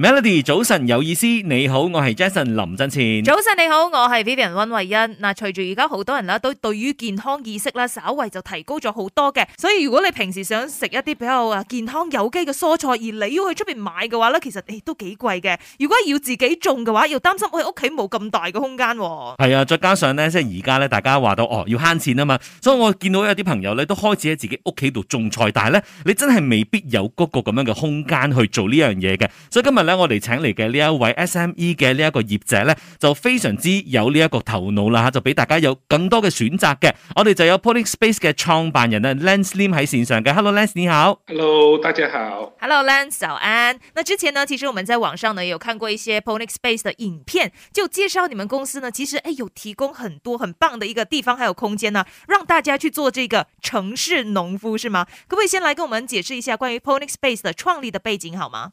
Melody，早晨有意思，你好，我係 Jason 林振前。早晨你好，我係 Vivian 溫慧欣。嗱，隨住而家好多人啦，都對於健康意識啦，稍微就提高咗好多嘅。所以如果你平時想食一啲比較啊健康有機嘅蔬菜，而你要去出邊買嘅話咧，其實誒都幾貴嘅。如果要自己種嘅話，又擔心我哋屋企冇咁大嘅空間。係啊，再加上咧，即係而家咧，大家話到哦，要慳錢啊嘛。所以我見到有啲朋友咧，都開始喺自己屋企度種菜，但係咧，你真係未必有嗰個咁樣嘅空間去做呢樣嘢嘅。所以今日。我哋請嚟嘅呢一位 SME 嘅呢一個業者呢，就非常之有呢一個頭腦啦吓，就俾大家有更多嘅選擇嘅。我哋就有 Ponic Space 嘅創辦人啊，Lance Lim 喺線上嘅。Hello，Lance，你好。Hello，大家好。Hello，Lance，早安。那之前呢，其實我們在網上呢，有看過一些 Ponic Space 的影片，就介紹你們公司呢，其實誒、哎、有提供很多很棒的一個地方，還有空間呢、啊，讓大家去做這個城市農夫，是嗎？可唔可以先來跟我們解釋一下關於 Ponic Space 的創立的背景好嗎？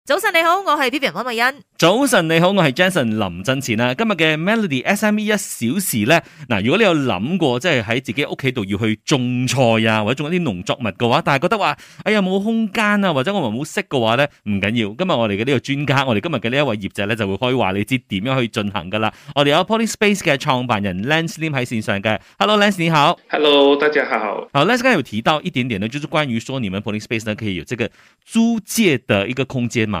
早晨你好，我係 P B 人溫美欣。早晨你好，我係 Jason 林振前啊。今日嘅 Melody S M E 一小時咧，嗱，如果你有諗過即係喺自己屋企度要去種菜啊，或者種一啲農作物嘅話，但係覺得話，哎呀冇空間啊，或者我唔係好識嘅話咧，唔緊要。今日我哋嘅呢個專家，我哋今日嘅呢一位業者咧就會可以話你知點樣去進行噶啦。我哋有 PolySpace 嘅創辦人 Lance Lim 喺線上嘅。Hello Lance，你好。Hello，大家好。好，Lance 剛才有提到一點點呢，就是關於說你們 PolySpace 呢可以有這個租借嘅一個空間嘛？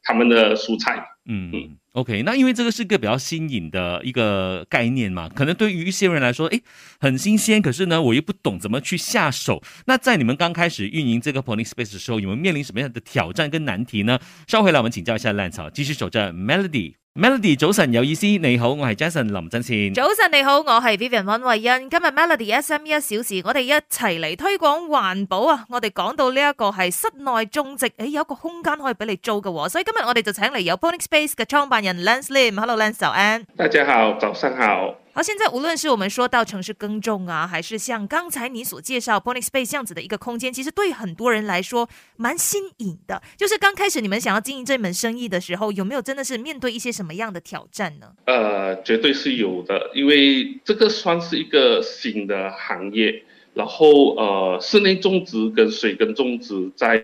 他們的蔬菜，嗯，嗯，OK，那因為這個是個比較新穎的一個概念嘛，可能對於一些人來說，誒、欸，很新鮮，可是呢，我又不懂怎麼去下手。那在你們剛開始運營這個 Pony Space 的時候，你們面臨什麼樣的挑戰跟難題呢？稍後回來，我們請教一下 Lance，繼續守着 Melody。Melody，早晨有意思，你好，我係 Jason 林振賢。早晨你好，我係 Vivian 溫慧恩。今日 Melody SME 一小時，我哋一齊嚟推廣環保啊！我哋講到呢一個係室內種植，誒、欸，有一個空間可以俾你租嘅，所以我們我哋嘅場地由 Pony Space 嘅創辦人 Lance Lim，Hello Lance，s 早安。大家好，早上好。好、啊，現在無論是我們說到城市耕種啊，還是像剛才你所介紹 Pony Space 這樣子的一個空間，其實對很多人來說蠻新穎的。就是剛開始你們想要經營這門生意的時候，有沒有真的是面對一些什麼樣的挑戰呢？呃，絕對是有的，因為這個算是一個新的行業。然後呃，室內種植跟水耕種植在。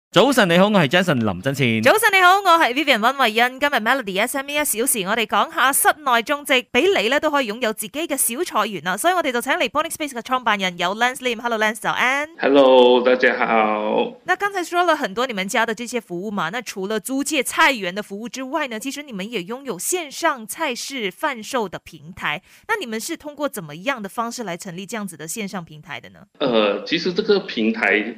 早晨你好，我係 Jason 林振倩。早晨你好，我係 Vivian 溫慧欣。今日 Melody SME 一小時，我哋講下室內種植，俾你咧都可以擁有自己嘅小菜園啊！所以我哋就請嚟 Bonnie Space 嘅創辦人有 Lance Lim，Hello Lance，好，An，Hello n 大家好。那剛才說了很多你們家嘅這些服務嘛，那除了租借菜園的服務之外呢，其實你們也擁有線上菜市販售的平台，那你們是通過怎麼樣的方式來成立這樣子的線上平台的呢？誒、呃，其實這個平台。